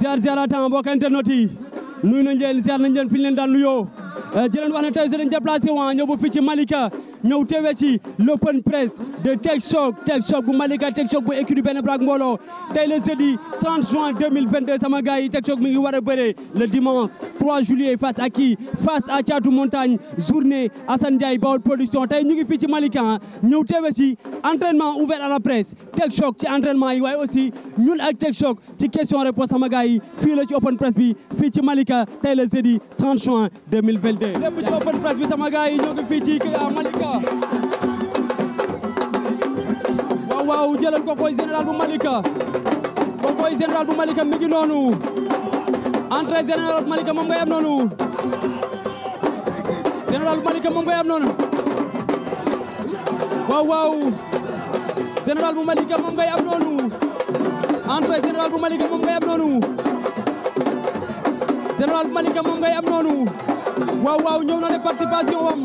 ziar ziaratan mbokk internet yi nuyu nañ leen ziar nañ leen fi ñu leen daan nuyoo di eh, leen wax ne tey si dañ waa ñëw ba Malika Nous avons ci l'open press de Tech Shock, Tech Shock, Malika Tech Shock, bu écurie benn Bragmolo. le jeudi 30 juin 2022 Samagaï, TechShock, Shock, Tek le dimanche 3 juillet face à qui face à Tchadou Montagne journée à Ndiaye Bord production tey ñu ngi fii ci Malika Nous avons entraînement ouvert à la presse Tech Shock, ci entraînement y a aussi ñun ak TechShock, Shock, ci question réponse sama gars yi open press bi Malika le jeudi 30 juin 2022 Le petit open press bi sama gars euh, Malika Malika waaw waaw jëlal ko koy général bu Malika ko koy général bu Malika mi ngi noonu entrée général bu Malika moom ngay am noonu général bu Malika moom ngay noonu waaw waaw bu Malika moom ngay noonu entrée général bu Malika moom ngay noonu général bu na ne participation am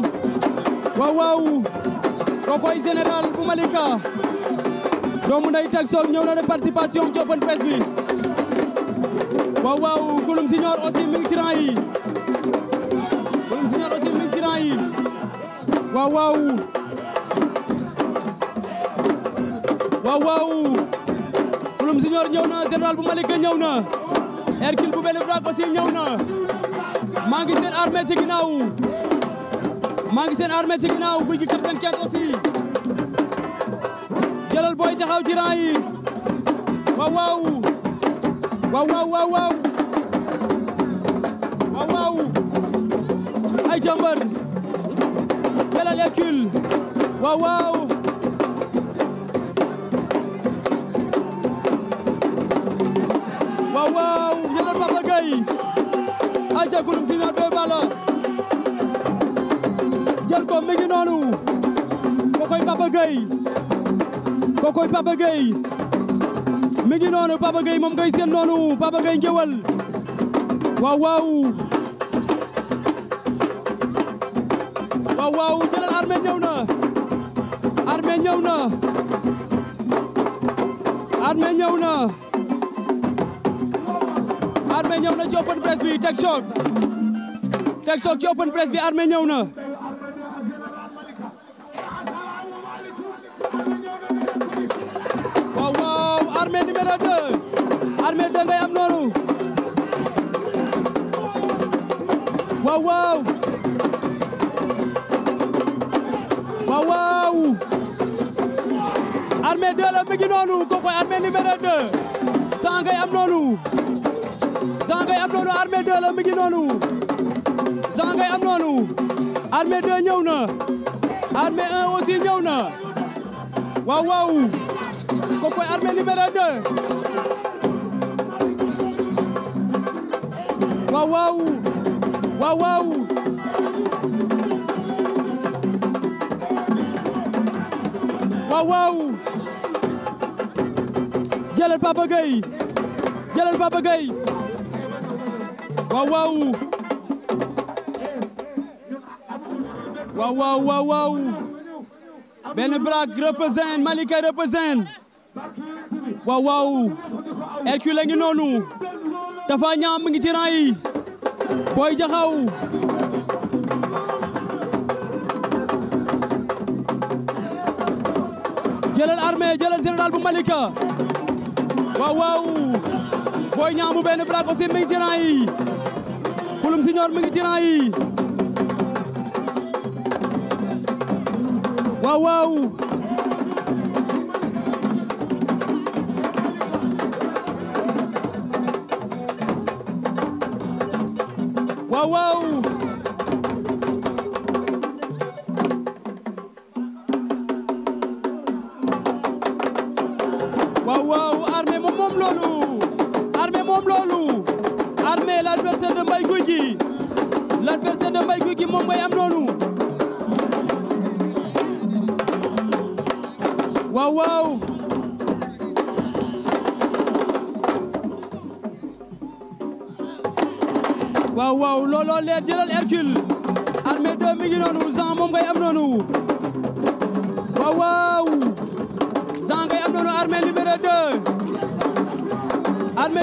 waaw waaw kokoy bu Malika doomu nday teg soog ñëw na de participation ci open press bi waaw kulum siñoor aussi mi ci rang yi kulum siñoor aussi mi ci rang yi waaw waaw kulum siñoor ñëw na général bu Malika ñëw na Hercule bu benn braak aussi ñëw na maa ngi seen armée ci ginnaaw maa ngi seen armée ci ginnaaw guy gi 95 aussi jëlal booy taxaw ci rang ay jàmbar jëlal écul waaw waaw waaw waaw ay jagulum si naar balo Gueye kookoy Papa Gueye mi ngi noonu Papa Gueye moom ngay seen noonu Papa Gueye ngéwal waaw waaw waaw waaw jëlal armée ñëw na armée ñëw na armée ñëw na armée ñëw na ci open press bi teg choc teg ci open press bi armée ñëw na armée 2 ñëw na armée 1 aussi ñëw na waaw waaw kooku armée numéro 2 waaw waaw waaw waaw waaw waaw jëlal Papa Gueye jëlal Papa Gueye waaw waaw waaw benn brak représente Malika représente waaw waaw Hercule a ngi noonu Tapha Niang mu ngi ci rang yi Boy Jaxaw jëlal armée jëlal général bu Malika waaw Boy Niang benn brak aussi mu ngi ci rang Siñoor mu ngi yi Wow, wow!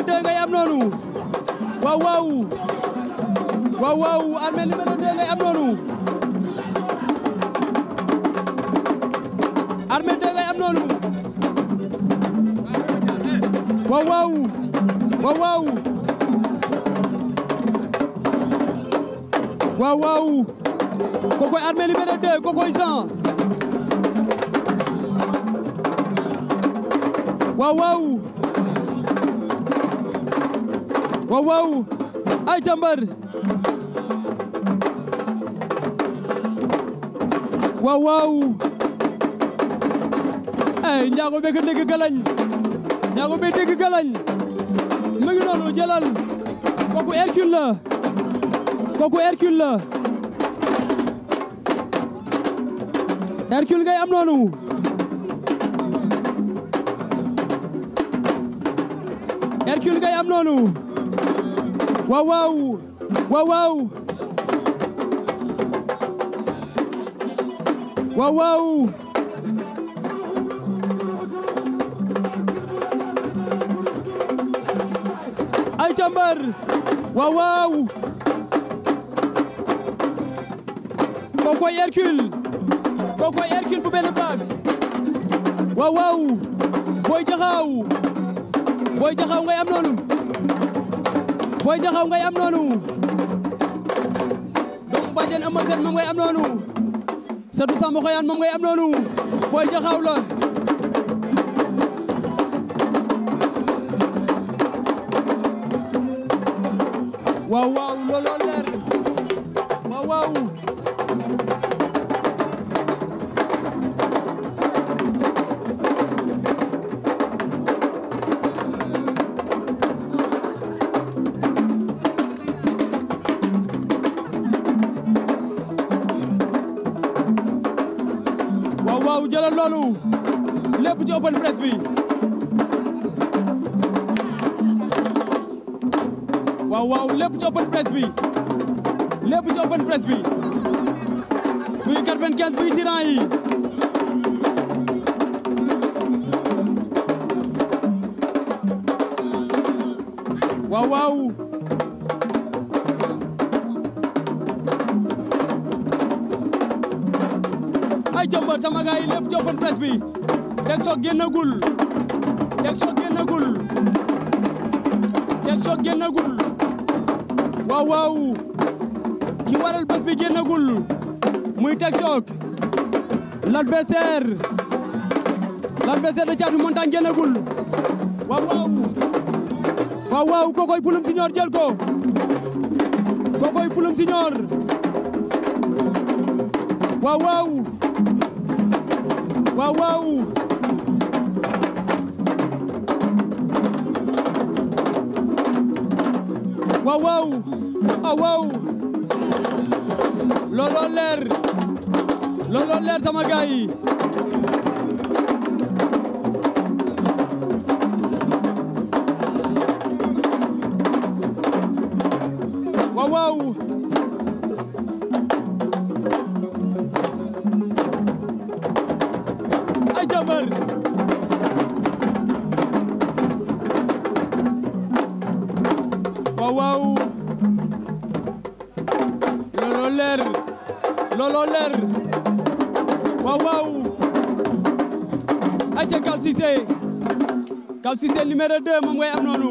deux ngay am noonu waaw waaw waaw waaw armée numéro deux ngay am noonu armée deux ngay am noonu waaw waaw waaw waaw waaw waaw kokoy armée numéro deux kokoy Jean waaw waaw waaw waaw ay jàmbar waaw waaw ay njaago be ka dégg galañ njaago be dégg galañ mu ngi noonu jëlal kooku Hercule la kooku Hercule la Hercule ngay am noonu Hercule ngay am noonu waaw waaw waaw waaw waaw waaw ay càmbar waaw waaw kookoy Hercule kookoy Hercule bu benn baag waaw waaw booy jaxaaw booy jaxaaw ngay am noonu Boy Jaxaw ngay am noonu doomu bàjjen am moom ngay am noonu Sadou Samba moom ngay am noonu Boy Jaxaw la waaw waaw looloo leer presse bi lépp ci open presse bi muy 95 muy tiran yi waaw waaw ay jombar sama gars yi lépp ci open presse bi teg soog génnagul teg soog génnagul teg soog génnagul waaw waaw ki waral bés bi génnagul muy Tek Choc l'adversaire l'adversaire de Thiatou Montagne génnagul waaw waaw waaw waaw Pulum Siñoor jël ko kokoy Pulum Siñoor waaw waaw waaw a ah, waaw looloo leer looloo leer sama gaay yi Cissé numéro 2 moom ngay am noonu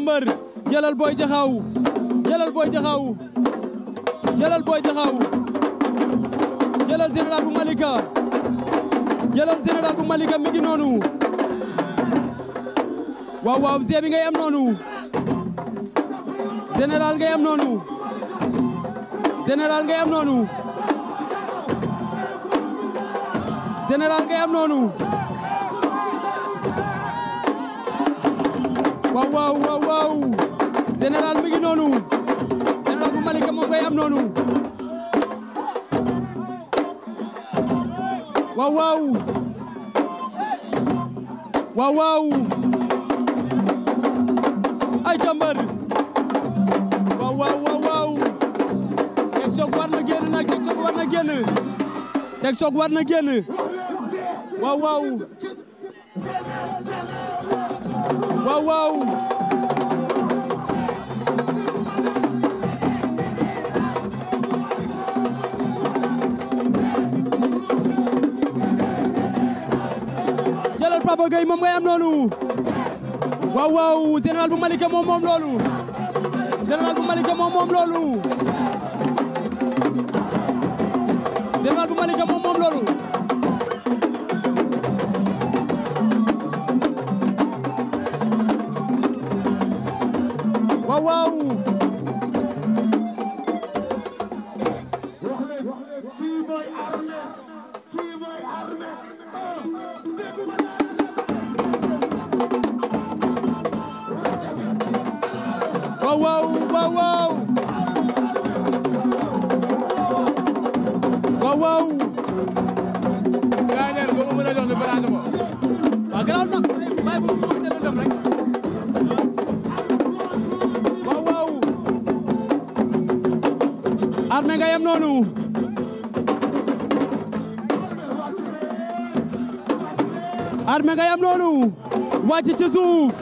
mbër jëlal booy jaxaaw jëlal booy jaxaaw jëlal booy jaxaaw jëlal général bu Malika jëlal général bu Malika mi ngi noonu waaw waaw zee bi ngay am noonu général ngay am noonu général ngay am noonu général ngay am noonu Wow! Wow! Wow! waaw général mi ngi noonu général bu Malika moo koy am noonu Wow! Wow! Wow! waaw ay jàmbar Wow! Wow! Wow! waaw Tek Shock war na génn nag Tek Shock war na génn Tek Shock war na génn waaw waaw waaw waaw Papa Gueye moom ngay am loolu waaw waaw général bu Malika moom moom loolu général bu Malika moom moom loolu wow wow gars yi ne ko ma mën a jox ba baraade ko waaw gannaaw na bàyyi ko mu jënd rek waaw waaw armé nga yem noonu armé nga yem noonu wàcc ci suuf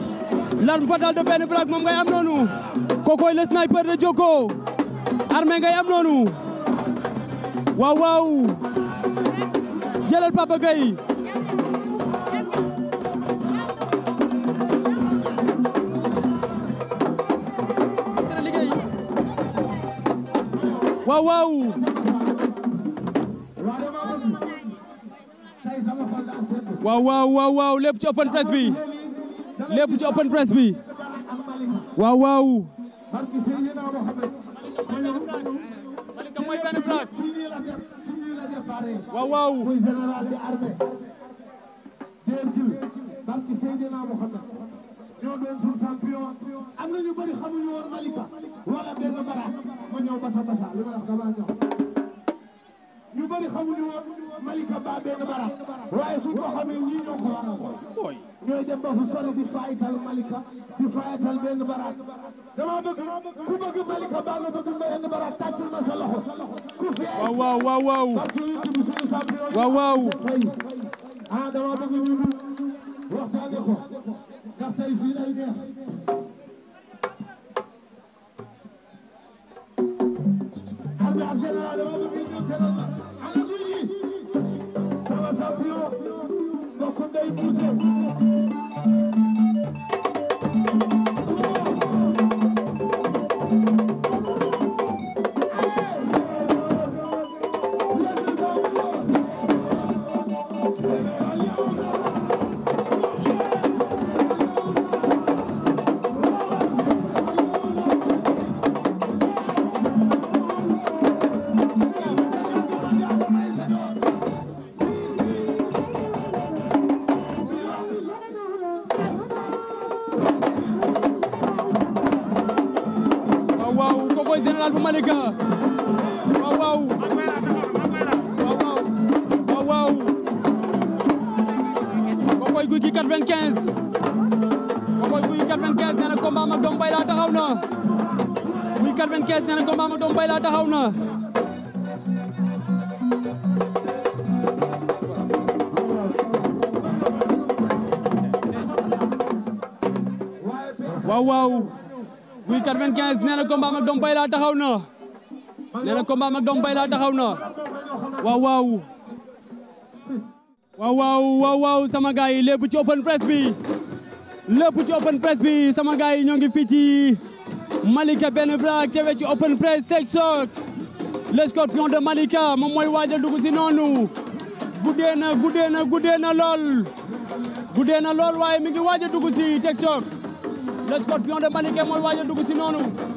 l'arme fatale de Ben blague mom nga yem noonu kookoy le sniper de Joko arme nga yem noonu waaw waaw jëlal Papa Gueye waaw waaw waaw waaw ci open press bi open press waaw waaw benn plaque waaw waaw muy général di armée virgule barki Seydina Mouhamed ñoo doon suñu champion am na ñu bëri xamuñu woon Malika wala benn bara ma ñëw basa basa li ma wax damaa ñëw ñu bëri xamuñu woon Malika Ba benn barat waaye suñ ko xamee ñii ñoo ko war ñooy dem ba fu sori di fayital Malika di fayital benn barat dama bëgg ku bëgg Malika Ba nga bëgg benn barat tàccul ma sa loxo ku fee waaw waaw waaw waaw parce que YouTube suñu champion waaw waaw ah dama bëgg ñu waxtaane ko ndax tey fii lay neex Abdou Abdou dama bëgg ñu teral la champion mbokk ndey buuse combat mag bay Bayla taxaw na nee na combat mag Dom Bayla taxaw na waaw waaw waaw sama gars yi lépp ci open press bi ci open press sama gars yi ñoo ngi fii ci Malika benn brak tewe ci open press Tektok le scorpion de Malika moom mooy waaj a dugg si noonu guddee na guddee lool guddee lool waaye mi ngi waaj a dugg si Tektok Malika mooy waaj a noonu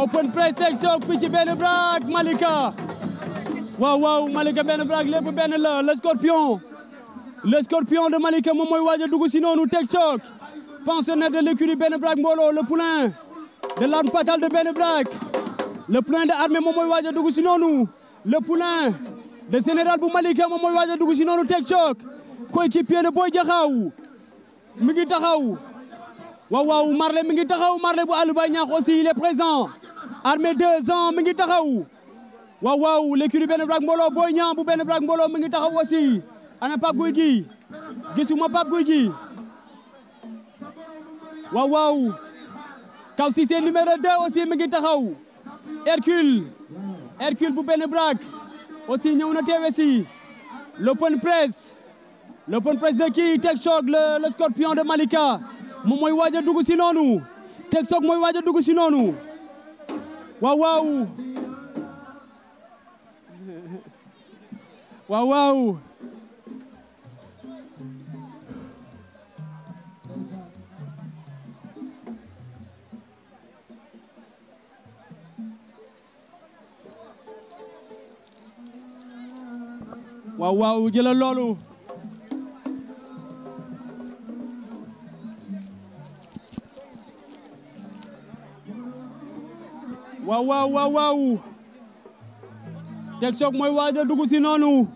open press section choc, ci benn Malika Waouh waaw Malika Ben braak lépp benn la le scorpion le scorpion de Malika moom mooy Dougou dugg si choc pensionnaire de l'écurie Ben braak le poulain de l'arme fatale de Ben braak le poulain de armée moom mooy waaj dugg le poulain de général bu Malika moom mooy waaj dugg choc coéquipier de Boy Diakhao mi Waouh, Marley mi Marley bu aussi il est présent armée 2 ans mi Waouh, taxaw de waaw l'écurie Molo, brak mbooloo Boy Molo, bu aussi ana Pabouigi. Guy gi Waouh. Pape c'est numéro 2 aussi mi Hercule Hercule bu Ben brak aussi ñëw na teewe l'open press l'open press de qui? Shock, Choc le scorpion de Malika moom mooy waaj a dugg si noonu Tek Choc mooy waaj a dugg si noonu waaw jëlal loolu waaw waaw waaw waaw Tek Choc mooy waaj a dugg si noonu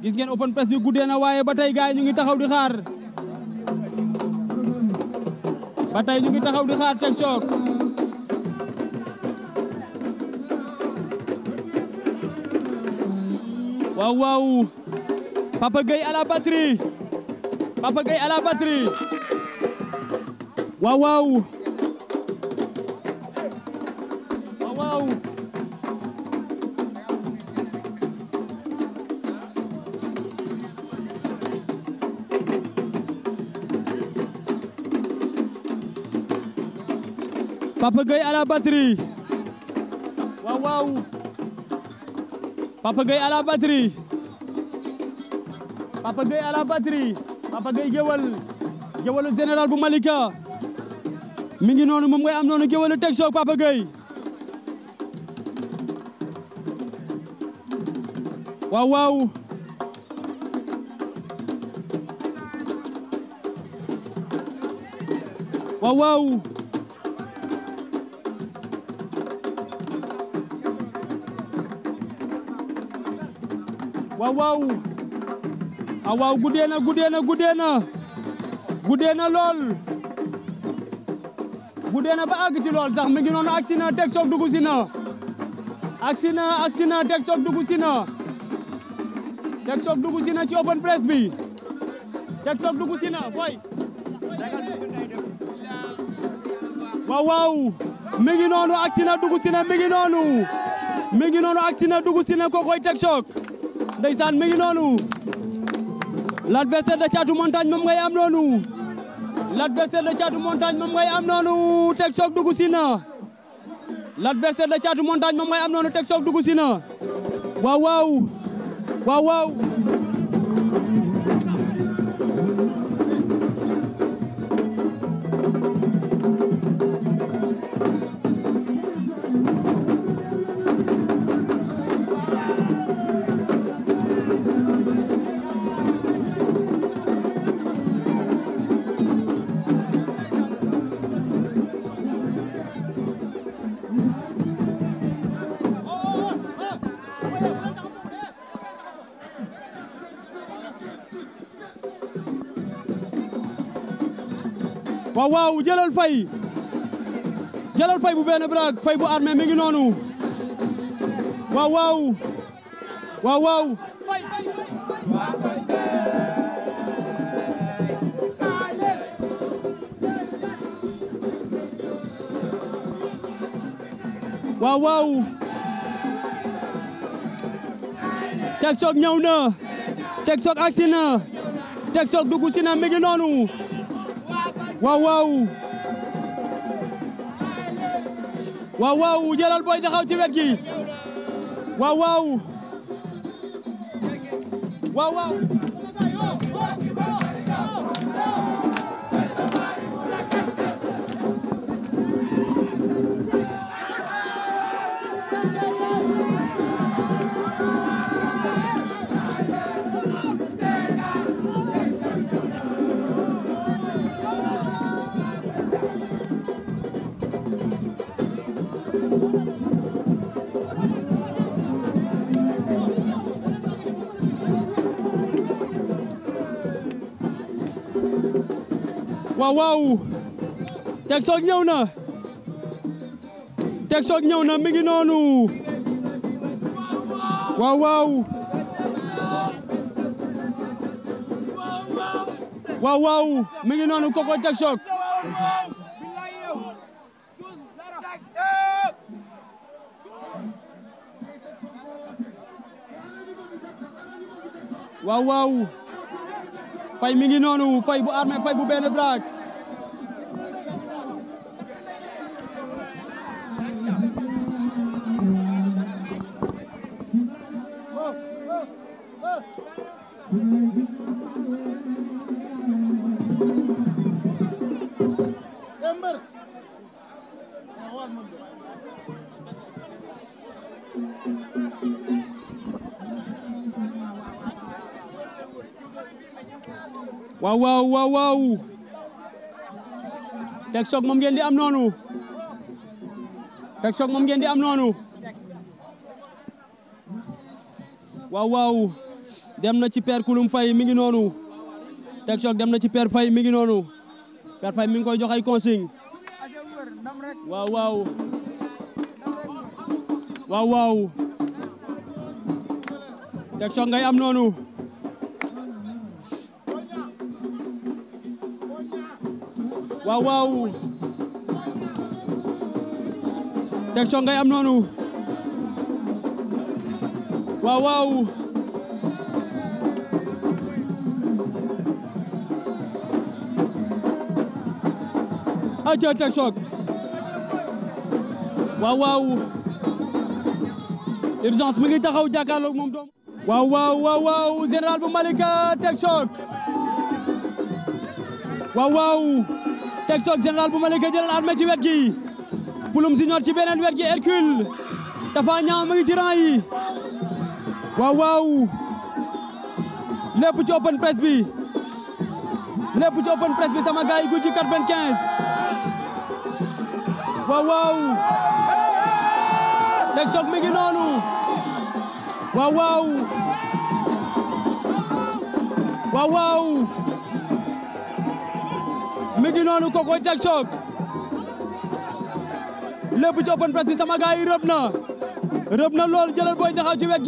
gis ngeen open press bi guddee na waaye ba gaay ñu ngi taxaw di xaar ba tey ñu ngi taxaw di xaar Tek Choc waaw waaw Papa gay ala la batterie Papa Gueye à la batterie waaw waaw Papa Gueye à la Papa Gueye à la Papa Gueye à la batterie Papa bu Malika mi ngi noonu moom ngay am noonu géwalu Tek Shock Papa Gueye waaw waaw waaw a ah, waaw guddee na na lool guddee na ba àgg ci lool sax mi ngi noonu agsi na teg soog dugg si na agsi na agsi na teg soog dugg si na teg soog si na ci open press bi teg si na boy waaw waaw mi ngi noonu na dugg si na mi noonu mi ngi noonu agsi na dugg si na ko koy ndeysaan mi ngi noonu l'adversaire de Thiatou Montagne moom ngay am noonu l'adversaire de Thiatou Montagne moom ngay am noonu Tek Choc dugg si na l'adversaire de Thiatou Montagne moom ngay am noonu teg Choc dugg si na waaw waaw waaw waaw waaw jëlal fay jëlal fay bu benn brak fay bu armée mi ngi noonu waaw waaw waaw waaw waaw waaw Tek na Tek Choc agsi na Tek Choc dugg si na mi ngi noonu waaw waaw waaw waaw jëlal booy taxaw ci wet gi waaw waaw waaw waaw waaw teg Tek Shock ñëw na teg Shock ñëw na mi ngi noonu waaw waaw waaw waaw mi ngi noonu koko Tek Shock waaw waaw fay mi ngi noonu fay bu armé fay bu benn braak waaw waaw waaw waaw tek moom ngeen di am noonu tek soog moom ngeen di am noonu waaw waaw dem na ci Père Kulum Faye mi ngi noonu tek soog dem na ci Père Faye mi ngi noonu Père Faye mi ngi koy joxe ay consigne waaw waaw waaw waaw tek soog ngay am noonu waaw waaw tension ngay am noonu waaw waaw aca tension waaw waaw urgence mi ngi taxaw jàkkaarloog moom doom waaw waaw waaw waaw général bu Malika Tek Choc waaw waaw teg general général bu Malika jëlal armée ci wèr gi poulum Junior ci benen wèr gi Hercule dafa Ñaŋ mu ngi ci rang yi waaw waaw lepp ci open press bi lepp ci open press bi sama gaay guddi 95 waaw waaw teg mi ngi nonu waaw waaw waaw waaw mi ngi noonu Coco Jackson lépp ci open press bi sama gars yi na rëb na lool jëlal booy taxaw ci wet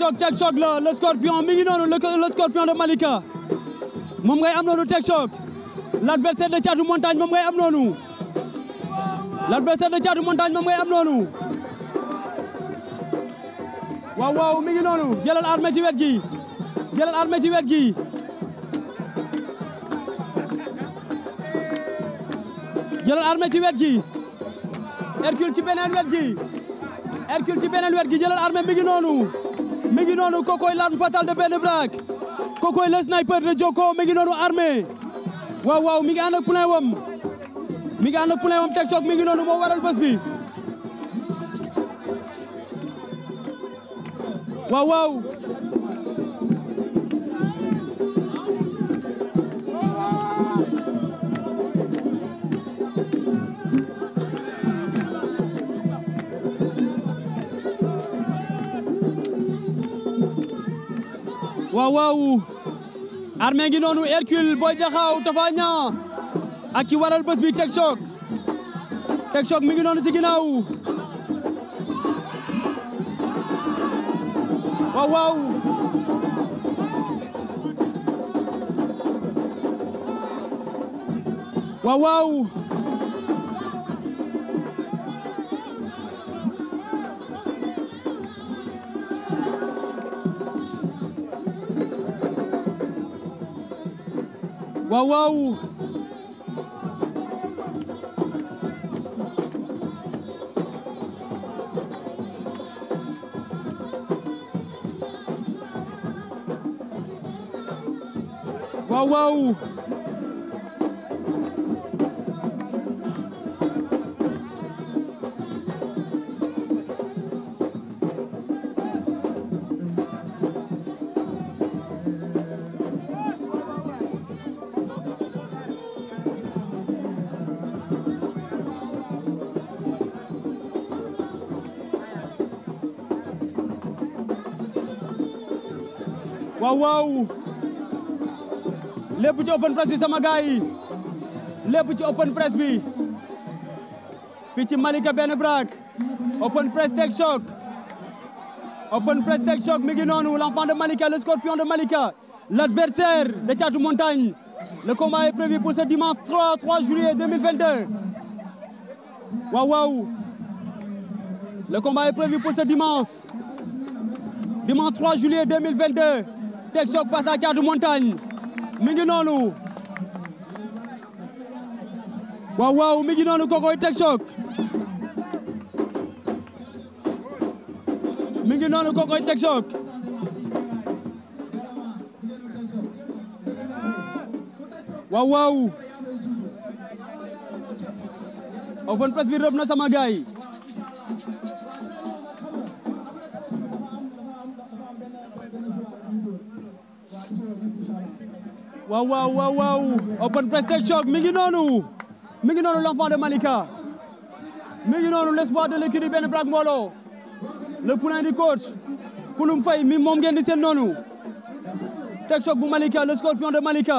choc teg choc la le scorpion mi ngi noonu le scorpion de Malika moom ngay am noonu teg choc l'adversaire de Thiatou Montagne moom ngay am noonu l'adversaire de Thiatou Montagne moom ngay am noonu waaw waaw mi ngi noonu jëlal armée ci wet gi jëlal armée ci wet gi jëlal armée ci wet gi Hercule ci beneen wet gi Hercule ci beneen wet gi jëlal armée mi ngi noonu mi ngi noonu kokoy l'arme fatale de Ben Brak kokoy le sniper de Joko mi ngi noonu armé waaw waaw mi ngi ànd ak mi ngi ànd ak Tek Choc mi noonu moo waral bés bi waaw waaw waaw ngi noonu Hercule Boy Jaxaaw Tapha Niang ak ki waral bi Tek Choc Tek Choc mi ngi noonu ci ginnaaw waaw 哇哇呜 Les petits open press bi sama gars yi open press bi Malika Ben open press Tech Shock open press Tech Shock mi ngi l'enfant de Malika le scorpion de Malika l'adversaire de quatre Montagne le combat est prévu pour ce dimanche 3 3 juillet 2022 Waouh le combat est prévu pour ce dimanche dimanche 3 juillet 2022 Tek Choc face à Thiatou Montagne mi noonu waaw waaw noonu kokoy Tek Choc mi noonu kokoy Tek Choc waaw waaw open press bi na sama waaw waaw waaw waaw open press shop mi ngi noonu mi ngi noonu l'enfant de Malika mi ngi noonu l'espoir de l'équipe benn Brak Mbolo le poulain du coach Kouloum mi moom ngeen di seen noonu teg choc bu Malika le scorpion de Malika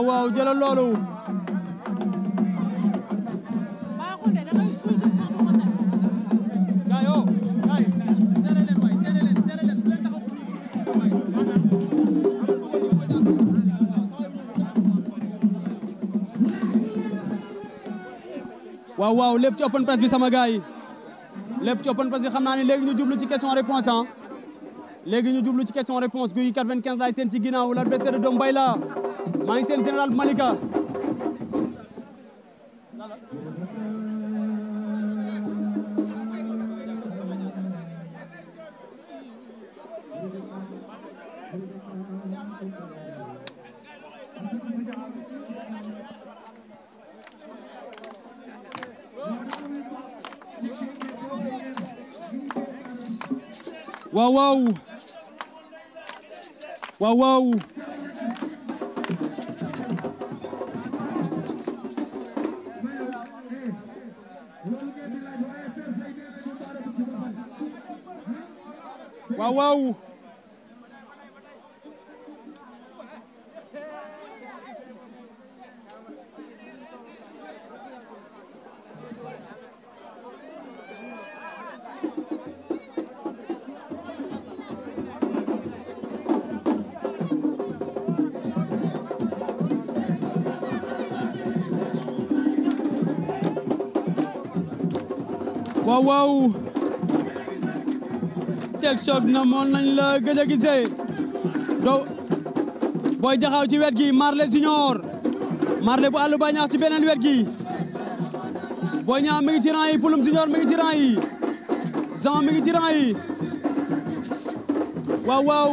waaw waaw jëlal loolu waaw waaw lépp open press bi sama gars yi lépp ci open press bi xam naa ne léegi ñu ci question réponse léegi ñu djublu ci question réponse guy 95 la seen ci ginaaw l'adversaire de Dombaïla, la ngi seen général Malika Waouh, waouh waaw waaw waaw waaw tek sok na moon nañ la gëj gisee doo booy jaxaw ci wet gi Marley Junior Marley bu àllu ba ñaax ci beneen wet gi booy ñaax mi ngi ci rang yi Pulum Junior mi ngi ci rang yi Jean mi ngi ci rang yi waaw waaw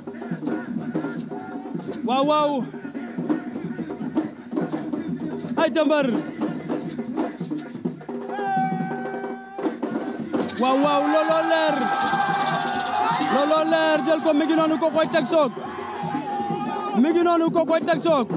waaw waaw ay jàmbar waaw waaw looloo leer ko mi ko koy teg soog ko koy teg soog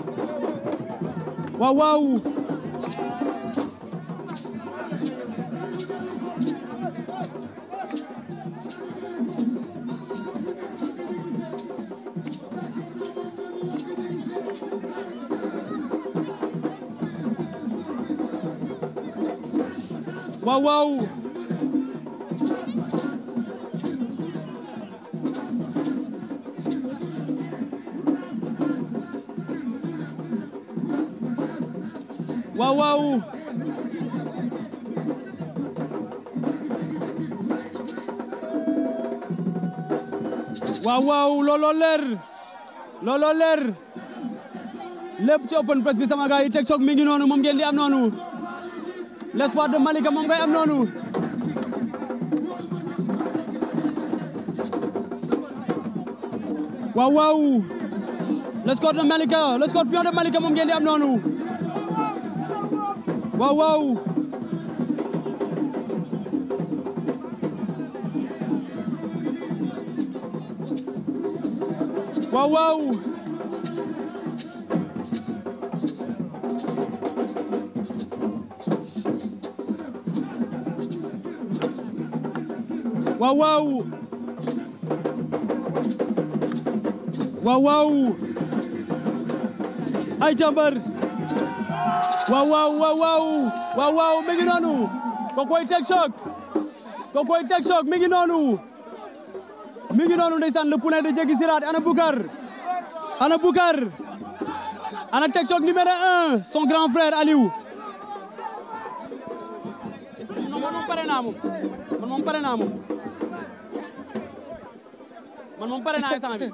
waaw waaw waaw waaw waaw waaw looloo leer looloo leer lépp ci open press bi sama gars yi Tek Choc mi ngi noonu moom ngeen di am noonu l'espoir de Malika moom ngay am noonu waaw waaw le score de Malika le scorpion de Malika moom ngeen di am noonu Wow! Wow! Wow! waaw waaw waaw waaw waaw ay jàmbar waaw waaw mi ngi noonu kokoy Tek kokoy Tek mi ngi noonu mi ngi noonu ndeysaan le poulain de Jéggi Siraat ana Boucar ana Boucar ana Tek Choc numéro un son grand frère Aliou man moom pare naa moom man moom pare naa moom man moom pare naa instant bi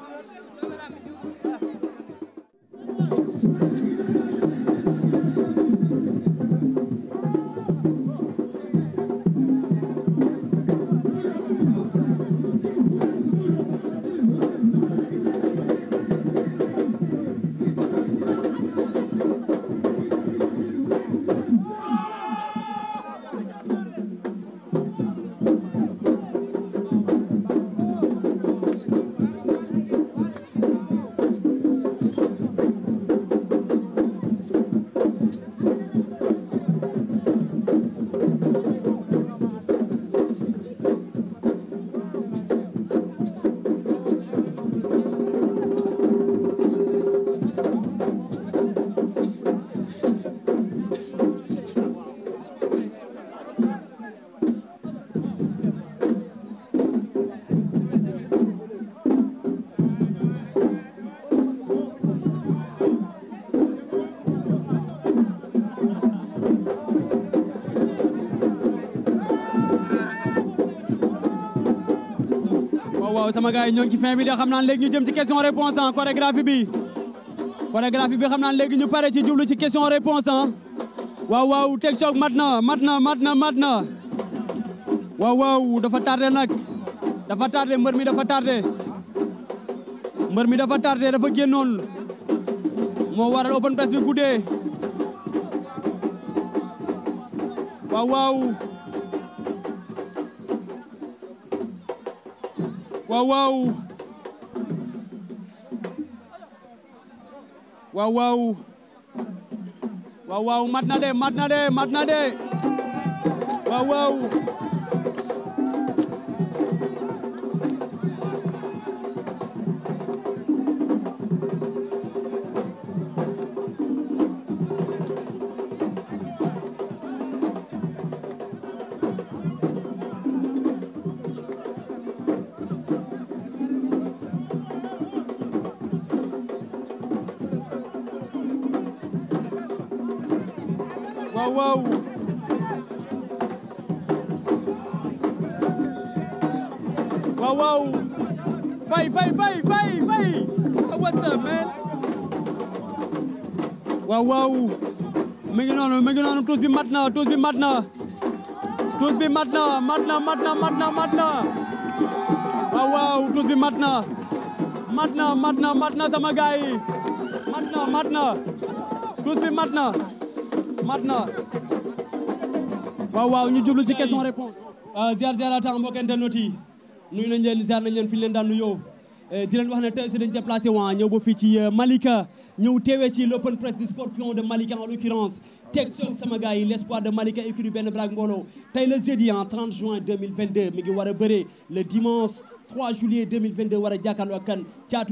waaw sama gars yi ci fin bi ñu jëm ci question réponse ah, chorégraphie bi chorégraphie bi xam naa ñu ci ci question réponse ah. waaw waaw Tek Choc mat na mat na waaw waaw dafa tardé nag dafa tardé mbër mi dafa tardé mbër mi dafa tardé dafa génnoon moo waral open press bi goudé. waaw waaw waaw waaw waaw waaw waaw mat na de mat na de mat na de waaw mi ngi noonu mi ngi noonu tuus bi mat na tuus bi mat na tuus bi mat na mat na mat na mat na mat na waaw waaw tuus bi mat na mat na mat na mat na sama gaay yi mat na mat na tuus bi mat na mat na waaw waaw ñu jublu ci question réponse euh, ziar ziar atam mbokk internet yi nuyu nañ leen ziar nañ leen fi ñu leen daan nuyoo Eh, di wax na dañ déplacé ah, eh, Malika nous téwé ci l'open press du scorpion de Malika en l'occurrence Tech Shock, sama de Malika et Ben braak mbolo tay le jeudi ah, en 30 juin 2022 le dimanche 3 juillet 2022 wara kan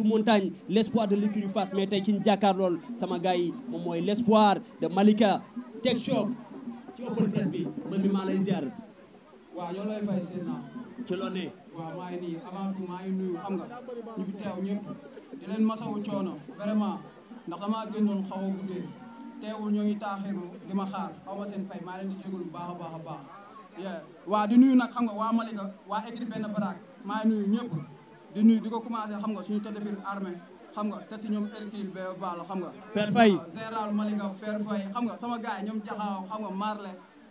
montagne l'espoir de l'écurie face. mais tay ci ñu mon sama gars mom de Malika tek shock ci open press bi man mi lay ziar. wa fay seen na ci waa maa ngi nii avant tout maa ngi nuyu xam nga ñu fi teew ñëpp di leen masawu coono vraiment ndax damaa génnoon xaw a guddee teewul ñoo ngi taaxiru di ma xaar xaw ma seen fay maa leen di jégalu bu baax a baax a waa di nuyu nag xam nga waa Malika waa écrit benn baraak maa ngi nuyu ñëpp di nuyu di ko commencé xam nga suñu tëddee fil armée xam nga te ci ñoom Hercule ba Balla xam nga. Père Faye général Malika Père Faye xam nga sama gars ñoom Jaxaaw xam nga Marley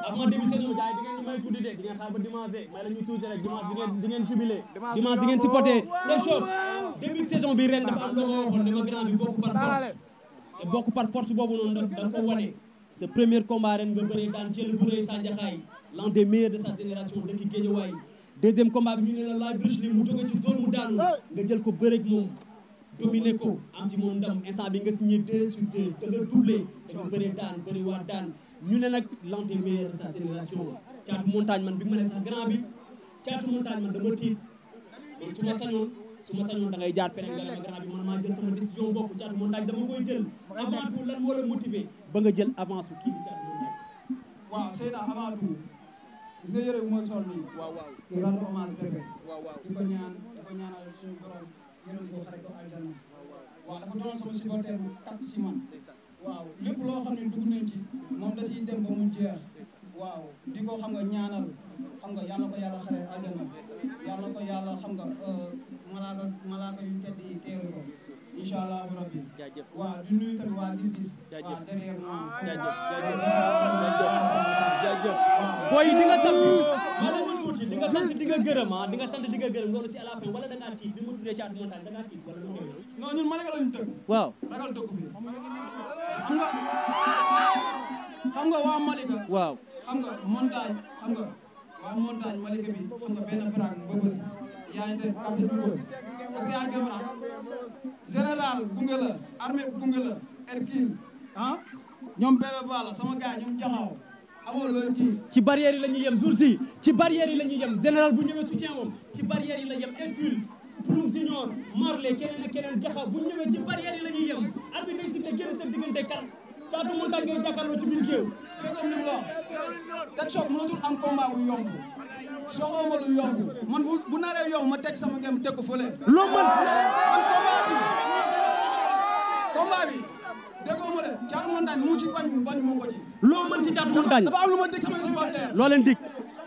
ndax moo démissionné gars yi di ngeen ñu may tuuti de di ngeen xaar ba dimanche de may da ko wane sa premier combat ren nga bëree daan jël bu rëy Sandiaxaay l'un des de sa génération dëkk Guédiawaye deuxième combat bi ñu ne la la bruche li mu jóge ci dóor mu daanu nga jël ko bëreeg moom dominé ko am ci moom ndam instant bi nga signé deux sur deux te te nga bëree daan bëri waa daan ñu ne nag l'un des meilleurs de sa génération caatu montagne man bi ma ne sax grand bi caatu montagne man dama tiit su ma sañoon su da ngay jaar feneen nga ne grand bi man maa jël sama décision bopp caatu montagne dama koy jël avant tout lan moo la motiver ba nga jël avance su kii bi caatu montagne. waaw waaw a dafa doon sama supporter bu tàkk si man. waaw lépp loo xam ne dugg nañ ci moom da ciy dem ba mu waaw di ko xam nga ñaanal xam nga yal na ko yàlla ko yàlla xam nga euh, malaaka malaaka yu tedd yi teeru ko incha allahu rabbi waaw di nuyu waa gis di nga sant di nga sant di nga gërëm ah di nga sant di nga gërëm loolu si à la fin wala bi mu tuddee caatu montagne da ngaa tiit wala non ñun Malika lañu bi xam nga xam nga waa Malika. waaw xam nga montagne xam nga waa montagne Malika bi xam nga benn braak mbëbës yaa ngi def carte dugub parce que yaa ngi comprendre général gunge la armée gunge la ah ñoom bébé bala sama gars ñoom jaxaw amoon loolu ci ci barrière yi la ñuy yem jour si ci barrière yi la ñuy yem général bu ñëwee soutien moom ci barrière yi la yem Hercule Bouroum Junior Marley keneen ak keneen jaxa bu ñëwee ci barrière yi la ñuy yem arbitre day sifflé génn seen diggante kan Thiatou Montagne ngay jàkkaarloo ci biir géew déggoon ni mu la Tek Choc mënatul am combat bu yomb soxla ma lu yomb man bu bu naree yomb ma teg sama ngem teg ko fële loo mën man combat bi combat bi déggoo ma de Thiatou Montagne mu ci bañ bañ moo ko ji loo mën ci Thiatou Montagne dafa am lu ma dig sama supporter loo leen dig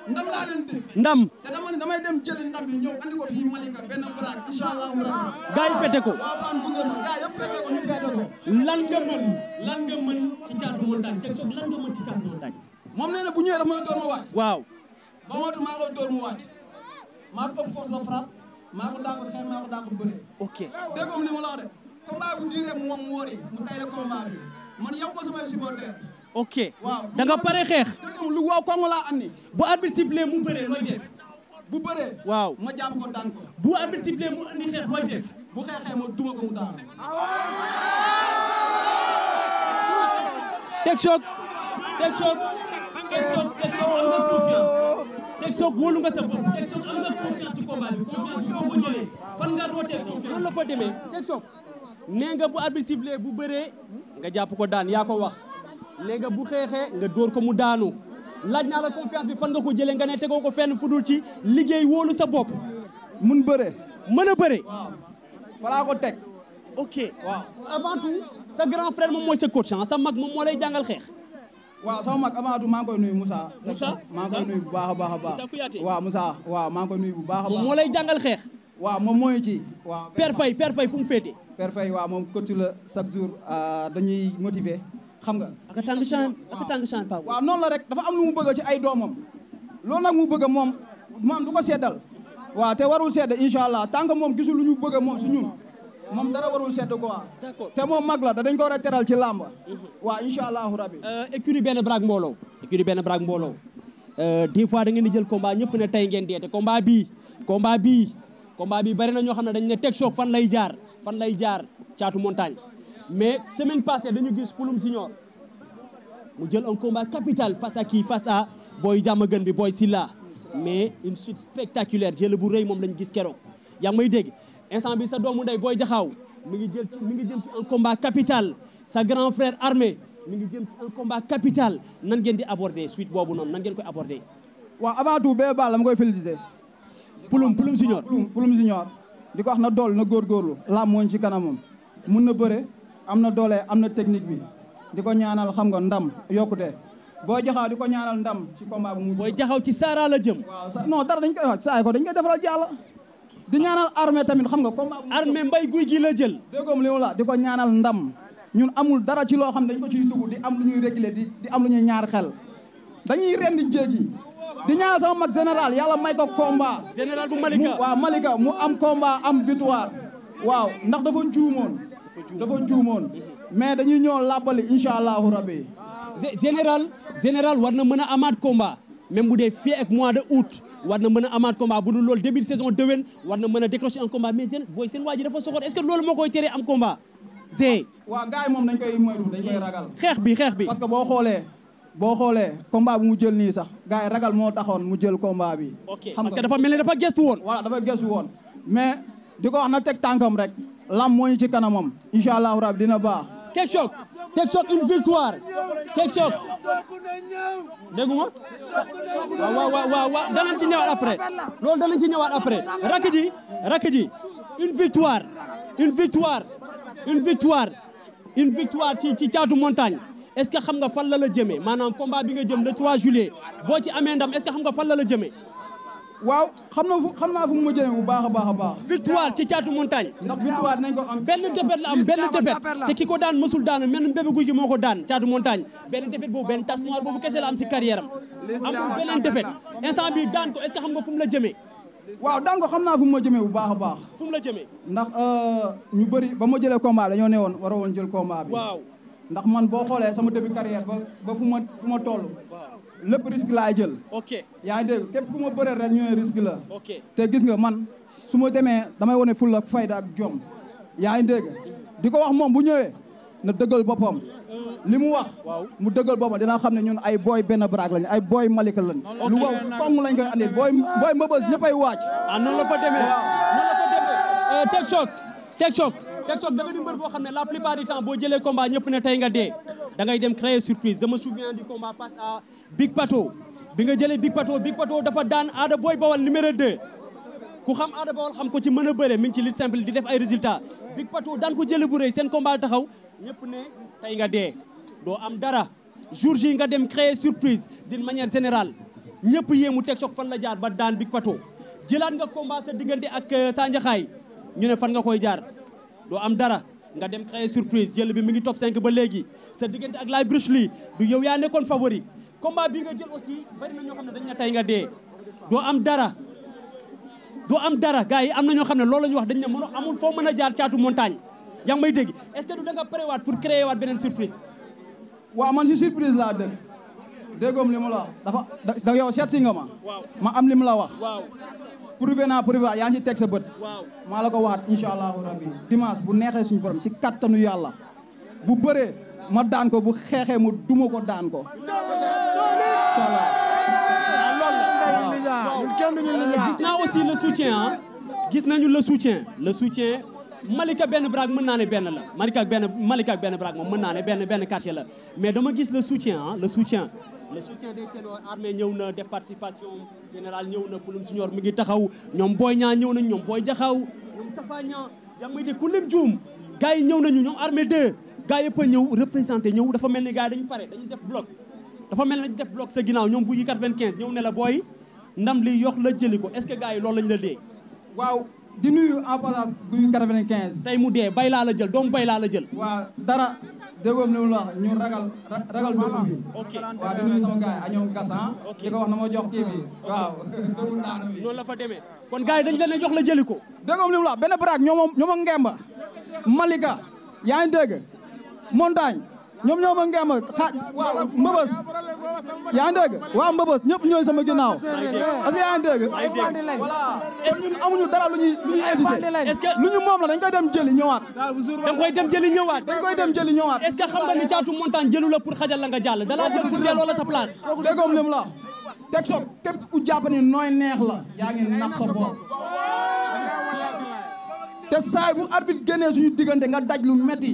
ndam laa leen di. ndam. te dama damay dem jëli ndam yi ñëw andi ko fii Malika benn baraak incha allahu rabbi. gars yi fete ko. waaw fan bu ngeen gars yëpp fete ko ñu fete ko. nga mën lan nga mën ci caatu montagne teg soog lan nga mën ci caatu montagne. moom nee na bu ñëwee dama door ma waaj. waaw. ba motul maa ko mu waaj. maa ko force de frappe. maa ko daa ko maa ko daa ko bëre. ok dégg nga li ma de. combat bu diiree moom mu ok da nga pare xeex. lu waaw kooku laa andi. bu arbitre sifflé mu bëree bu bëree. waaw ma jàpp ko daan bu arbitre sifflé mu andi xeex looy def. bu xeexee ma duma ko mu daan. teg choc teg choc nga confiance teg choc nga sa bopp teg la fa demee teg nee nga bu arbitre sifflé bu bëree nga jàpp ko daan yaa ko wax. léegi bu xeexee nga mu daanu la confiance bi fan ko jëlee nga ne tegoo ko fenn fudul ci liggéey wóolu sa bopp. mun ok avant tout sa grand frère mooy coach ah, sa mag moom lay jàngal xeex. waaw avant tout Moussa. Moussa maa ngi koy bu waaw Moussa waaw maa ngi koy bu coach la chaque jour euh, xam nga ak tàng chan ak tàng chan pa waaw noonu la rek dafa am lu mu bëgg ci ay doomam loolu nag mu bëgg moom maam du ko seddal waaw te warul sedd incha allah tant moom gisul lu ñu bëgg moom si ñun moom dara warul sedd quoi. d'accord te moom mag la da dañ ko war a teral ci làmba mhm. waaw incha allahu rabi. Euh, écurie benn braak mbooloo écurie benn braak mbooloo euh, des fois da ngeen di jël combat ñëpp ne tey ngeen deete combat bii combat bii combat bii bari na ñoo xam ne dañ ne teg soog fan lay jaar fan lay jaar caatu montagne mais semaine passée dañu gis Pulum Junior mu jël un combat capital face à qui face à Boy Jamagan bi Boy Silla mais une suite spectaculaire jël bu rëy moom lañu gis keroog yaa ngi may dégg instant bi sa doomu ndey Boy Jaxaaw mi ngi jël jëm ci un combat capital sa grand frère armé mi ngi jëm ci un combat capital nan ngeen di aborder suite boobu noonu nan ngeen koy aborder. waaw avant tout bee baal dama koy féliciter. Pulum Pulum Junior Pulum Pulum Junior di ko wax na dool na góorgóorlu. làmb mooñ ci kanamam mun na amna dole amna technique bi diko ñaanal xam nga ndam yokkute dikonya jaxaw di ko ñaanal ndam ci combat bu mu boy jaxaw ci sara la jëm waaw non dara dañ koy wax saay ko dañ koy defal jalla di ñaanal armée tamit xam nga combat armée mbay guuy gi la jël degom li la diko ñaanal ndam ñun amul dara ci lo xam dañ ko ci dugg di am lu ñuy régler di di am lu ñuy ñaar xel dañuy rend jeegi di ñaanal sama mag général yalla may ko combat général bu Malika waaw Malika mu am combat am victoire waaw ndax dafa juumoon dafa juumoon mais dañuy ñëw labali inshallah rabbi général général war na mën a combat même bu dee fii ak mois de août war na mën a combat bu dul lool début de saison déwén war na mëna décrocher un combat mais seen booy seen waa dafa soxor est-ce que lool mo koy téré am combat. Zé. wa gaay mom moom dañ koy moytu dañ koy ragal. xex bi xex bi parce que bo xolé bo xolé combat bu mu jël ni sax gaay ragal mo taxone mu jël combat bi. ok parce que dafa mel ni dafa gëstu woon. voilà dafa gestu won mais diko wax na tek tankam rek lam moo ñu ci kanamam incha allahu rabi dina choc, quel choc une victoire Ketchup Wa wa wa wa wa. ci ñëwaat après loolu danañ ci après Rakidi, ji rakk ji une victoire une victoire une victoire une victoire ci ci caatu montagne est-ce que xam nga fan la la combat bi nga jëm le 3 juillet Voici ci est-ce que xam nga fan la la waaw xam naa fu xam naa fu mu ma jëlee bu baax a baax a baax. victoire ci caatu montagne. ndax victoire nañ ko am. benn defet la am benn defet te ki ko daan mësul daan mel bébé guy gi moo ko daan caatu montagne benn defet boobu benn tache noire boobu kese la am si carrière am. amul beneen defet instant bi daan ko est ce que xam nga fu mu la jëmee. waaw daan ko xam naa fu mu ma jëmee bu baax a baax. fu mu la jëmee. ndax euh, ñu bëri ba ma jëlee combat bi ne woon waroon jël combat bi. waaw ndax man boo xoolee sama début carrière ba ba fu ma fu ma toll. lépp risque laay jël. ok yaa ngi képp ku ma bëree rek ñu ne risque la. ok te gis nga man su ma demee damay wane fulla ak fayda ak jom. yaa ngi dégg di ko wax moom bu ñëwee na dëggal boppam mm. li mu wax. waaw mu dëggal boppam dina xam ne ñun ay booy benn braak lañ ay booy malika lañ. lu wow tong lañ koy andil booy booy mbëbës ñëppay waaj. ah noonu la fa demee waaw noonu la fa demee. Eh, Tek Choc da nga di mbeur bo xamné la plupart du temps bo jëlé combat ñëpp né tay nga dé da ngay dem créer surprise dama souviens du combat face à Big Pato bi nga jëlé Big Pato Big Pato dafa daan Ada Boy Bawal numéro 2 ku xam Ada Bawal xam ko ci mëna bëré mi ngi ci lit simple di def ay résultats Big Pato daan ko jëlé bu reuy sen combat taxaw ñëpp né tay nga dé do am dara jour ji nga dem créer surprise d'une manière générale ñëpp yéemu Tek Choc fan la jaar ba daan Big Pato jëlaat nga combat sa diggante ak euh, Sandiaxaay ñu ne fan nga koy jaar do am dara nga dem créer surprise jël bi mi ngi top 5 ba légui sa diggante ak lay Bruce Lee du yow ya nekkoon favori combat bi nga jël aussi bari na ño xamne dañ ne tay nga dé do am dara do am dara gaay am na ño xamne loolu lañ wax dañ ne mëno amul fo mëna jaar caatu montagne yang may dégg est-ce que du da nga préwaat pour créer wat benen surprise wa man ci surprise la dégg déggoom li mu la dafa da yow set si ma ma am limu la wax prouvé naa prouvé yaa ngi ci teg sa bët. waaw maa la ko waxaat incha allahu rabbi bu neexee suñu borom ci kattanu yàlla bu bëree ma daan ko bu xeexee mu duma ko daan ko. incha allah. gis naa aussi le soutien ah. gis nañu la soutien le soutien. Malika benn braak mën naa ne benn la Malika benn Malika benn braak moom mën naa ne benn benn quartier la mais dama gis le soutien ah le soutien. le soutien des ténors armée ñëw na des participations générale ñëw na Pulum Senior mi ngi taxaw ñoom Boy Niang ñëw nañ ñoom Boy Jaxaw ñoom Tafa Niang yaa ngi dégg ku lim juum gars yi ñëw nañu ñoom armée 2 gars yëpp a ñëw représenté ñëw dafa mel ni gars yi dañu pare dañu def bloc dafa mel ni def bloc sa ginnaaw ñoom bu yi 95 ñëw ne la booy ndam li yox la jëli ko est-ce que gars yi loolu lañ la dee waaw di nuyu en passage guy 95 tey mu dee bay laa la jël doom bay laa la jël déggoon li mu la ragal ragal dëkk bi. ok waaw di nuyu sama gars yi ak ñoom Gassan. na ma jox kii bi waaw. dëggul daanu bi noonu demee. kon gars yi dañu leen jox la jëli ko. déggoon li mu la wax benn baraag ñoo ma ñoo ma Ngemba. yaa ngi dégg ñoom ñoo ma ngeem a xa waaw mbëbës yaa ngi dégg waaw mbëbës ñëpp ñooy sama ginnaaw parce que yaa ngi dégg kon ñun amuñu dara lu ñu lu ñuy hésité lu ñu moom la dañ koy dem jëli ñëwaat dañ koy dem jëli ñëwaat dañ koy dem jëli ñëwaat est-ce que xam nga ni caatu montagne jëlu la pour xajal la nga jàll dalaa jël pour delloo la sa place déggoom lim la teg soog képp ku jàpp ni nooy neex la yaa ngi nax sa bopp te saay bu arbitre génnee suñu diggante nga daj lu metti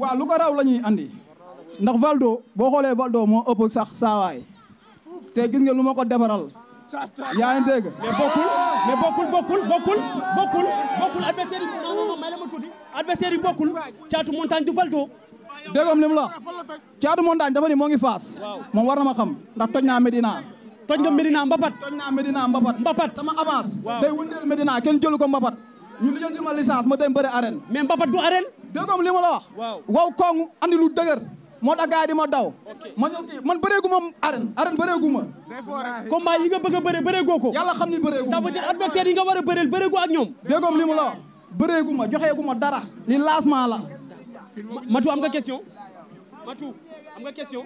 wa lu ko raw lañuy andi ndax Valdo bo xolé Valdo mo ëpp sax saway té gis nga luma ko débaral ya ngi dégg mais bokul mais bokul bokul bokul bokul bokul adversaire yi non non may la ma tuddi adversaire yi bokul tiatu montagne du Valdo déggoom lim la tiatu montagne dafa ni mo ngi fas mo war na ma xam ndax toj Medina toj nga Medina mbapat toj Medina mbapat mbapat sama avance day wëndeel Medina ken jëlu ko mbapat ñu lijjanti ma licence ma dem bëri arène mais mbapat du arène déggoom li ma la wax. waw wow koŋŋ andi lu dëgër. moo tax di ma daw. ma ñëw kii man bëreegu ma arène. arène bëreegu ma. combat yi nga bëgg a bëre bëreegoo ko. yàlla xam ni bëreegu. ça veut dire adversaire yi nga war a bëreel bëreegu ak ñoom. déggoom li ma la wax bëreegu ma joxeegu ma dara. li lancement la. Matou am nga question. Matou am nga question.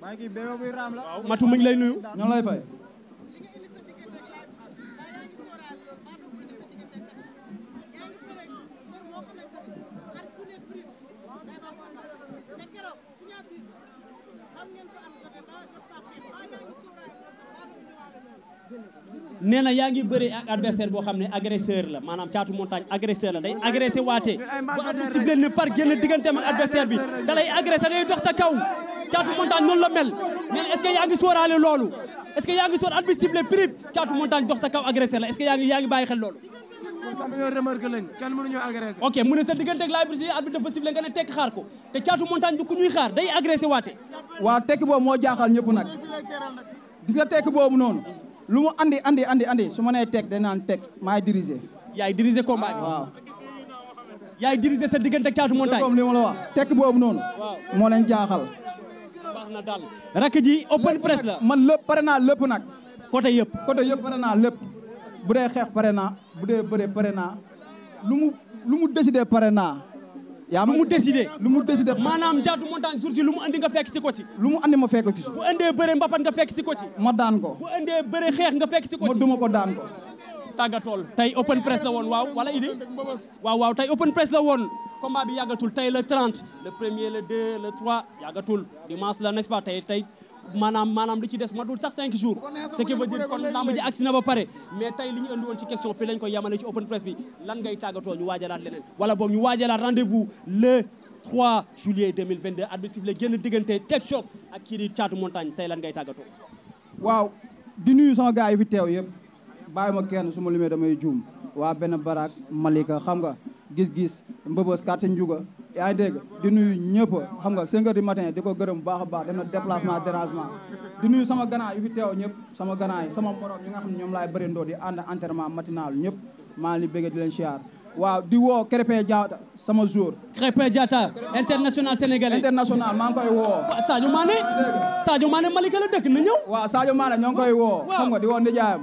maa ngi Matou mi ngi lay nuyu. ñoo lay fay. nee na yaa ngi bëri ak adversaire boo xam ne agresseur la maanaam caatu montagne agresseur la day agressé waate bu adversaire si leen ne par génn digganteem ak adversaire bi day dox sa kaw caatu la mel nee na est ce ne sa diggante ak laay brisé arbitre dafa sifflé nga ne tekk xaar ko te caatu montagne du ku waate waaw tekk boobu moo jaaxal ñëpp nag gis nga tekk boobu noonu lu mu andi andi andi andi su ma nee teg dañ naan teg maay diriger. yaay diriger combat bi waaw. yaay diriger sa diggante ak caatu montagne comme li wax teg boobu noonu. moo leen jaaxal. baax na daal ji open press la man lépp pare naa lépp nag. côté yëpp côté yëpp pare naa lépp. bu dee xeex pare naa bu dee bëre pare naa lu mu lu mu décider pare naa. yaa lu mu décidé lu mu décidé maanaam jaatu montagne jour ci lu mu andi nga fekk si ko ci lu mu andi ma fekk ci bu andee bëre mbapat nga fekk si ko ci ma daan ko bu andee bëre xeex nga fekk si ko ci ma duma ko daan ko tàggatool tey open press la woon waaw wala idi waaw waaw tey open press la woon combat bi yàggatul tey le 30 le premier le 2 le 3 yàggatul dimanche la n'est-ce pas tey tey maanaam maanaam lu ci des ma dul sax 5 jours ce qui veut dire kon lamb ji agsi na ba pare mais tey li ñu andi woon ci question fii lañ koy yamale ci open press bi lan ngay tàggatoo ñu waajalaat leneen wala boog ñu waajalaat rendez-vous le 3 juillet 2022 arbitre sifflé génn diggante Tek Choc ak kii di Thiatou Montagne tey lan gay tàggatoo waaw di nuyu sama gars yi fi teew yëpp bàyyi ma kenn suma ma limee damay juum waa benn baraak Malika xam nga gis-gis mbëbës quartier Ndiouga yaa ngi dégg di nuyu ñëpp xam nga 5 heures du matin di ko gërëm bu baax a baax def na déplacement dérangement di nuyu sama ganaay yu fi teew ñëpp sama ganaay sama morom ñi nga xam ñoom laay bëri ndoo di ànd entraînement matinal ñëpp maa ngi bëgg di leen siyaar waaw di woo Krépin Diatta sama jour. Krépin Diatta international sénégalais. international maa ngi koy woo. waaw Sadio Mané. Sadio ne Malika la dëkk na ñëw. waaw Sadio Mané ñoo ngi koy woo. xam nga di woo Ndiayeem.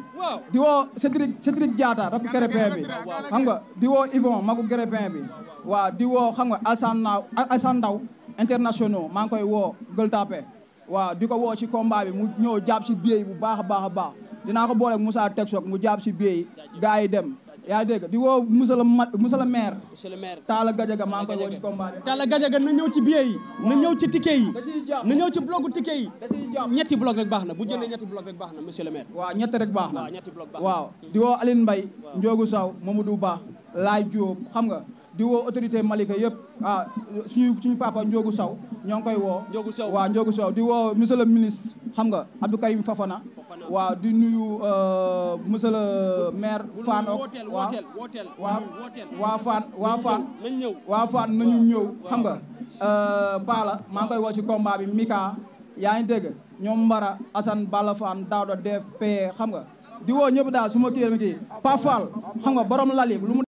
di woo Cédric Cédric Diatta rap Krépin bi. xam nga di woo Yvon magu Krépin bi. waa di woo xam nga Alsane Ndaw international maa ngi koy woo Gueule Tapée. waaw di ko woo ci combat bi mu ñëw jàpp ci biir bu baax a baax a baax dinaa ko booleeg Moussa Teg Sok mu jàpp ci biir yi yi dem. yaa dégg di woo monsieur le ma monsieur le maire. monsieur le maire Talla Gadiaga maa ngi koy woo ci combat bi. Talla Gadiaga na ñëw ci billet yi. na ñëw ci ticket yi. na ñëw ci blogu ticket yi. ñetti blog rek baax na bu jëlee ñetti blog rek baax na monsieur le maire. waaw ñett rek baax na. waaw ñetti blog baax na di woo Aline Mbaye. Ndiogou Sow Mamadou Ba Laay Diop xam nga. di woo autorité Malika yëpp ah suñu suñu papa saw ñoo ngi koy woo. Ndiogu Sow waaw Ndiogu Sow di woo monsieur le ministre xam nga Abdou Karim Fofana. waaw di nuyu euh, monsieur le maire. Fane ok waaw waaw waa Fane waa Fane. waa nañu ñëw xam nga. Euh, Baala maa ngi koy woo ci combat bi yaa ngi dégg ñoom Mbara Assane Bala Fane Daouda DP xam nga di woo ñëpp daal su ma kii kii Pafal xam nga borom lali lu